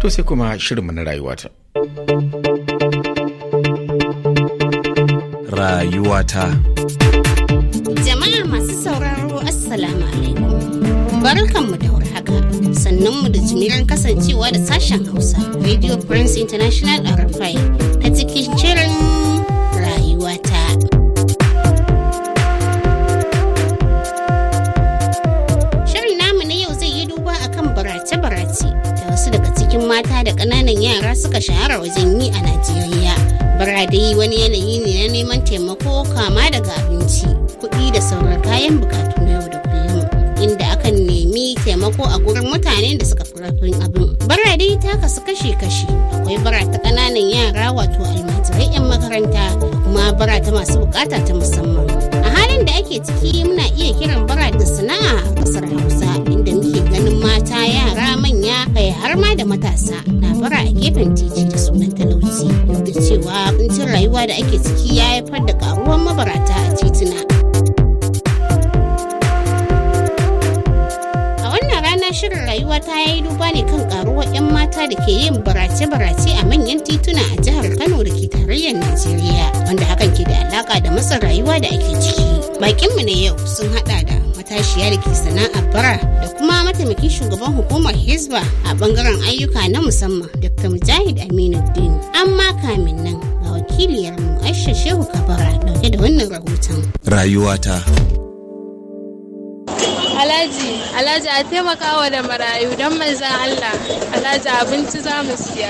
to sai kuma shirinmu na rayuwata. Rayuwata. Jama'ar masu sauraro Assalamu alaikum. Barkanmu da warhaka. mu da jimiran kasancewa da sashen Hausa Radio Prince International a Rafai. ƙananan yara suka shahara wajen yi a Najeriya. Baradai wani yanayi ne na neman taimako kama daga abinci, kuɗi da sauran kayan bukatu na yau da kullum, inda akan nemi taimako a gurin mutanen da suka fi rafin abin. Baradai ta kasu kashe-kashe, akwai bara ta ƙananan yara wato almajirai 'yan makaranta kuma bara ta masu bukata ta musamman. A halin da ake ciki muna iya kiran bara da sana'a a ƙasar Hausa inda muke ganin mata yara manya kai har ma da matasa kan titi da sunan talauci da cewa kuncin rayuwa da ake ciki ya haifar da karuwar mabarata a tituna. A wannan rana shirin rayuwa ta yi duba ne kan karuwar 'yan mata da ke yin barace-barace a manyan tituna a jihar Kano da ke tarayyar Najeriya wanda hakan ke da alaka da matsin rayuwa da ake ciki. Bakinmu na yau sun hada da matashiya da ke sana'a bara da kuma mataimakin shugaban hukumar hisba a bangaren ayyuka na musamman Dr. Mujahid aminu Aminuddin. Amma kamin nan ga mu Aisha Shehu Kabara dauke da wannan rahoton. Rayuwata. Alhaji, Alhaji a taimakawa da marayu don manzan Allah, Alhaji abinci za mu siya.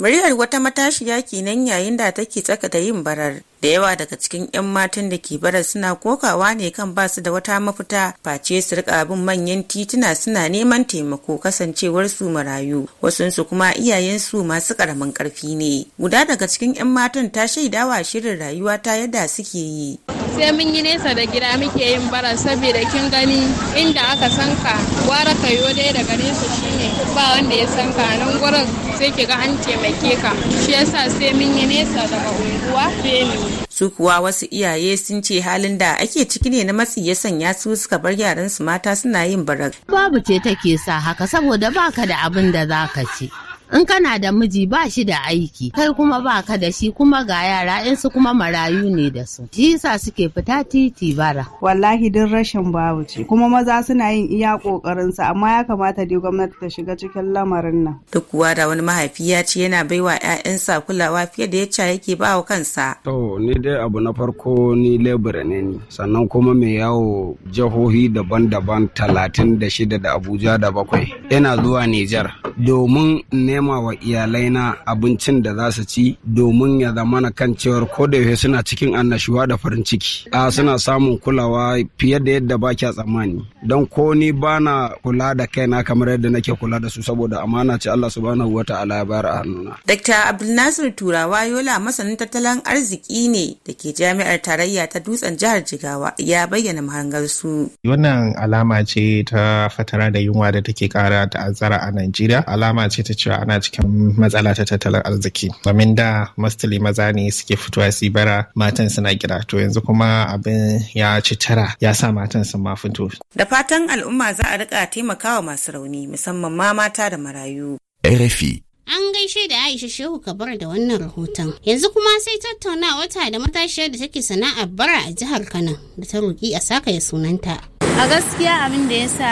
Muryar wata matashiya kenan yayin da take tsaka da yin barar. Da yawa daga cikin 'yan matan da ke barar suna kokawa ne kan basu da wata mafita face su rika bin manyan tituna suna neman taimako kasancewar su marayu. Wasunsu kuma iyayensu masu karamin karfi ne. Guda daga cikin 'yan matan ta shaidawa shirin rayuwa ta yadda suke yi. sai mun yi nesa da gida muke yin bara saboda kin gani inda aka san ka gwara ka yo dai daga nesa shine ba wanda ya san ka nan gurin sai ki ga an taimake ka shi yasa sai mun yi nesa daga unguwa sai su kuwa wasu iyaye sun ce halin da ake ciki ne na matsi ya sanya su suka bar yaran su mata suna yin barak babu ce take sa haka saboda baka da abin da za ka ci in kana da miji ba shi da aiki kai kuma ba ka da shi kuma ga yara in su kuma marayu ne da su shi yasa suke fita titi bara wallahi duk rashin babu ce kuma maza suna yin iya kokarin su amma ya kamata dai gwamnati ta shiga cikin lamarin nan duk kuwa da wani mahaifi ya ce yana baiwa ƴaƴansa kulawa fiye da yacca yake ba wa kansa to ni dai abu na farko ni lebura ne ni sannan kuma mai yawo jihohi daban-daban talatin da shida da abuja da bakwai yana zuwa nijar domin ne nema wa iyalaina abincin da za su ci domin ya zamana kan cewar ko da yaushe suna cikin annashuwa da farin ciki a suna samun kulawa fiye da yadda ba kya tsammani don ko ni ba na kula da kaina kamar yadda nake kula da su saboda amana ce Allah subhanahu wa ta'ala ya bayar a hannuna Dr. Abdulnasir Turawa Yola masanin tattalin arziki ne da ke jami'ar tarayya ta dutsen jihar Jigawa ya bayyana mahangar su wannan alama ce ta fatara da yunwa da take kara ta'azzara a Najeriya alama ce ta cewa ana cikin matsala ta tattalin arziki domin da mostly maza ne suke fitowa su bara matan suna gida to yanzu kuma abin ya ci tara ya sa matan sun ma fito da fatan al'umma za a rika taimakawa masu rauni musamman ma mata da marayu RFI an gaishe da Aisha Shehu Kabar da wannan rahoton. Yanzu kuma sai tattauna wata da matashiyar da take sana'ar bara a jihar Kano da ta roƙi a saka ya sunanta. A gaskiya abin da ya sa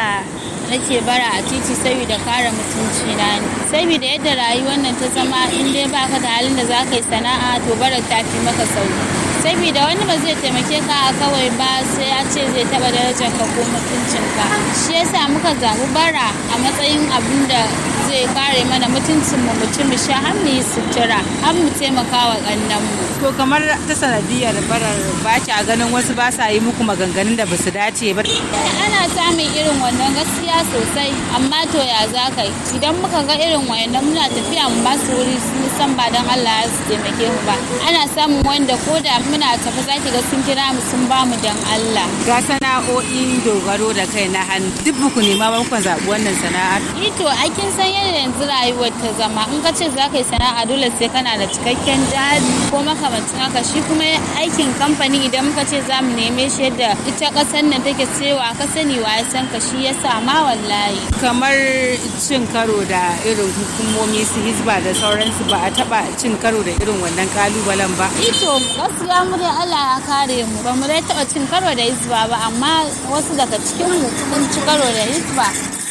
nake bara a titi saboda kare mutunci na ne saboda yadda rayuwar nan ta zama in dai baka da halin da za ka yi sana'a to bara ta fi maka sauki saboda wani ba zai taimake ka a kawai ba sai a ce zai taba darajar ka ko mutuncin ka shi yasa muka zabi bara a matsayin abin da zai kare mana mutuncin mu mutum sha har mu yi sutura har mu taimaka wa kannan mu to kamar ta sanadiyar barar ba a ganin wasu ba sa yi muku maganganun da ba su dace ba ana samun irin wannan gaskiya sosai amma to ya za ka yi idan muka ga irin wannan muna tafiya mu ba su wuri sun san ba don Allah ya su taimake mu ba ana samun wanda ko da muna tafi zaki ga sun kira mu sun ba mu dan Allah. Ga sana'o'in dogaro da kai na hannu duk ku nema ba kuka zaɓi wannan sana'ar. Ito eh a kin san yadda yanzu rayuwar ta zama in ka ce za ka yi sana'a dole sai kana da cikakken jari ko makamancin haka shi kuma aikin kamfani idan muka ce za mu neme shi yadda ita ƙasar nan take cewa ka sani wa san ka shi ya sama wallahi. Kamar cin karo da irin hukumomi su hizba da sauransu ba a taɓa cin karo da irin wannan kalubalen ba. Ito eh gaskiya mu Allah ya kare mu ba mu dai taɓa cin karo da hisba ba amma wasu daga cikin mu sun ci karo da hisba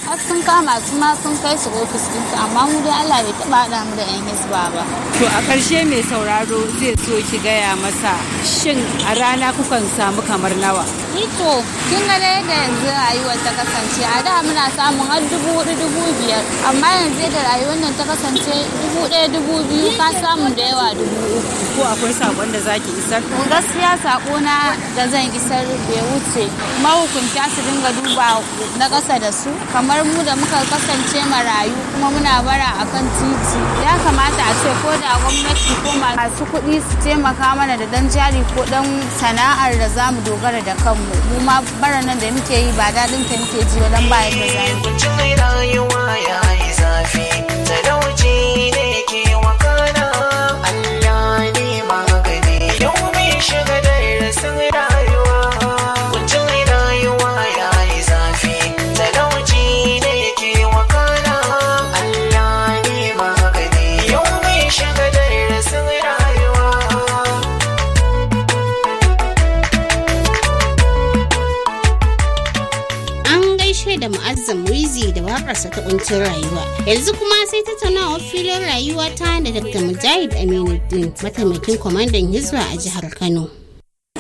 har sun kama su ma sun kai su ofis ɗinsu amma mu dai Allah bai taɓa haɗa mu da 'yan hisba ba. To a ƙarshe mai sauraro zai so ki gaya masa shin a rana kukan samu kamar nawa? Ito, kin ga da yadda yanzu rayuwar ta kasance a da muna samun har dubu hudu dubu biyar amma yanzu yadda rayuwar nan ta kasance dubu ɗaya dubu biyu ka samu da yawa dubu uku. Ko akwai sakon da zaki isar? Gaskiya sako na da zan isar bai wuce mahukunta su dinga duba na ƙasa da su kamar mu da muka kasance marayu kuma muna bara akan titi ya kamata a ce ko da gwamnati ko masu kuɗi su taimaka mana da dan jari ko dan sana'ar da zamu dogara da kanmu. mu ma bara nan da muke yi ba daɗin ta muke ji wa dan ba yadda za bunƙasa taɓuncin rayuwa. Yanzu kuma sai ta tattaunawar filin rayuwa ta da Dr. Mujahid Aminuddin, mataimakin kwamandan Hizba a jihar Kano.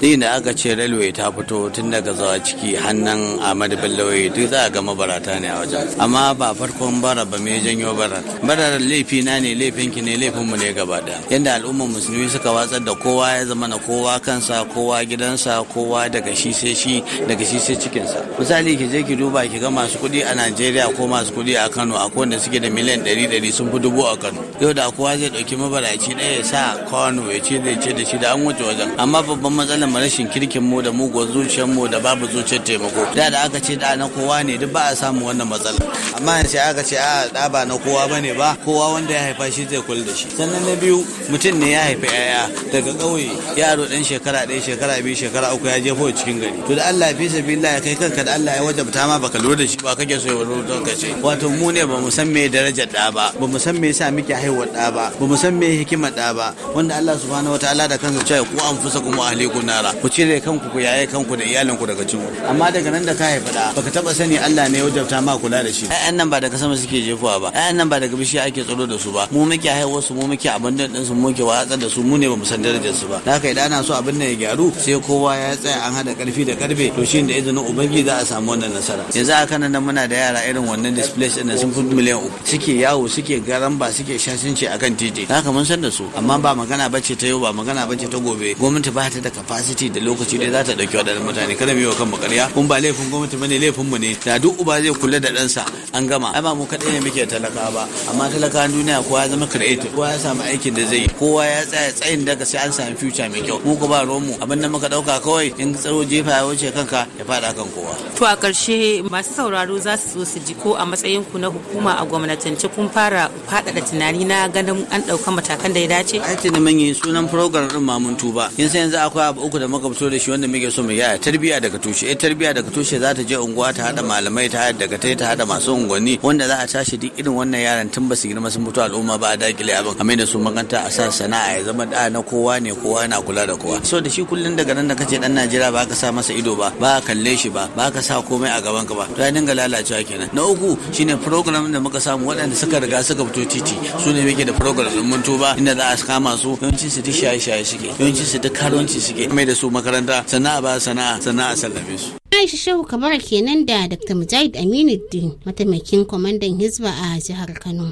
ni da aka ce railway ta fito tun daga zawa ciki hannan Ahmad Bello eh, duk za a ga mabarata ne a wajen. Amma ba farkon bara ba mai janyo bara. Bara laifi na ne laifin ki ne laifin mu ne gaba daya. Yanda al'ummar musulmi suka watsar da kowa ya zama na kowa kansa kowa gidansa kowa daga shi sai shi daga shi sai cikinsa. Misali ki je ki duba ki ga masu kuɗi a Najeriya ko masu kuɗi a Kano akwai wanda suke da miliyan ɗari ɗari sun fi dubu a Kano. Yau da kowa zai ɗauki mabaraci ɗaya ya sa Kano ya ce da shi da an wuce wajen. Amma babban matsalar mu rashin kirkin mu da muguwar zuciyar mu da babu zuciyar taimako da da aka ce da na kowa ne duk ba a samu wannan matsala amma yanzu aka ce a da ba na kowa bane ba kowa wanda ya haifa shi zai kula da shi sannan na biyu mutum ne ya haifa yaya daga ƙauye yaro dan shekara ɗaya shekara biyu shekara uku ya jefo cikin gari to da Allah fi biLlah ya kai kanka da Allah ya wajabta ma baka lura da shi ba kake so ya lura ka ce wato mu ne ba mu san me darajar da ba ba mu san me yasa muke haihuwar da ba ba mu san me hikimar da ba wanda Allah subhanahu wataala da kansa ya ku anfusakum wa ahlikum nara ku cire kanku ku yaye kanku da iyalinku daga ciwo amma daga nan da ka haifa da baka taba sani Allah ne ya wajabta ma kula da shi ƴaƴan nan ba daga sama suke jefuwa ba ƴaƴan nan ba daga bishiya ake tsaro da su ba mu muke haihuwar su mu muke abandon din su mu muke watsar da su mu ne bamu san darajar su ba haka idan ana so abin nan ya gyaru sai kowa ya tsaya an hada karfi da karfe to shi da izinin ubangi za a samu wannan nasara yanzu a kanan nan muna da yara irin wannan displays din sun fi miliyan uku suke yawo suke ba suke shashinci akan titi haka mun san da su amma ba magana bace ta yau ba magana bace ta gobe gwamnati ba ta da kafa capacity da lokaci da za ta ɗauki waɗannan mutane kada mu yi wa kanmu ƙarya kun ba laifin gwamnati bane laifin mu ne da duk uba zai kula da ɗansa an gama ai ba mu kaɗai ne muke talaka ba amma talakawan duniya kowa ya zama creative kowa ya samu aikin da zai kowa ya tsaya tsayin daga sai an samu future mai kyau mu ko ba ruwan mu abin da muka ɗauka kawai in tsaro jefa ya wuce kanka ya faɗa kan kowa. to a ƙarshe masu sauraro za su so su ji ko a matsayin ku na hukuma a gwamnatance kun fara faɗaɗa tunani na ganin an ɗauka matakan da ya dace. aikin da manyan sunan program ɗin mamun tuba yin sai yanzu akwai abu uku da muka fito da shi wanda muke so mu yaya tarbiya daga tushe eh tarbiya daga tushe za ta je unguwa ta hada malamai ta hada daga ta hada masu unguwanni wanda za a tashi duk irin wannan yaran tun ba su girma sun fito al'umma ba a dakile abin a da su makanta a sa sana'a ya zama da na kowa ne kowa na kula da kowa so da shi kullun daga nan da kace dan Najeriya ba ka sa masa ido ba ba ka kalle shi ba ba ka sa komai a gaban ka ba to ya dinga lalacewa kenan na uku shine program da muka samu waɗanda suka riga suka fito titi su ne muke da program mun tuba inda za a kama su yawancin su duk shaye-shaye suke yawancin su duk karonci suke mai da su makaranta sana'a ba sana'a sana'a sallafe su Aisha Shehu kamar kenan da Dr. Mujahid Aminuddin mataimakin kwamandan Hizba a jihar Kano.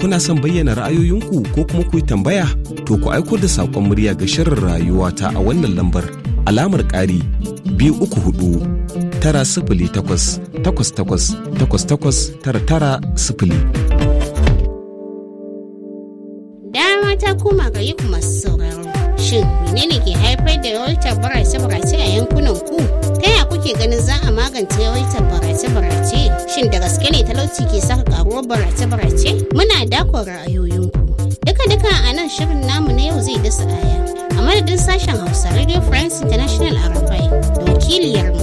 Kuna son bayyana ra'ayoyinku ko kuma ku tambaya? To ku aiko da saƙon murya ga shirin rayuwa ta a wannan lambar alamar ƙari biyu uku hudu tara sifili takwas takwas takwas takwas takwas tara tara sifili. Dama ta kuma ga yi kuma sauraro. shin menene ke haifar da yawaitar barace-barace a yankunan ku ta ya kuke ganin za a magance yawaitar barace-barace shin da gaske ne talauci ke saka karuwar barace-barace muna dakon ra'ayoyinku duka-duka a nan shirin namu na yau zai dasa aya a madadin sashen hausa radio france international a rafai da wakiliyar